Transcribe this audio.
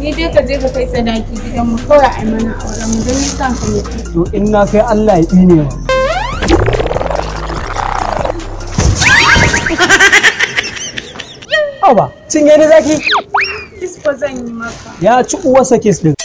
ni dai ka je ka kai sadaki gidan mu kawai ai mana auren mu don ni kan ka ne to in na kai Allah ya tsine wa Oba, cin gani zaki? Kisko zan yi maka. Ya ci sa kis din.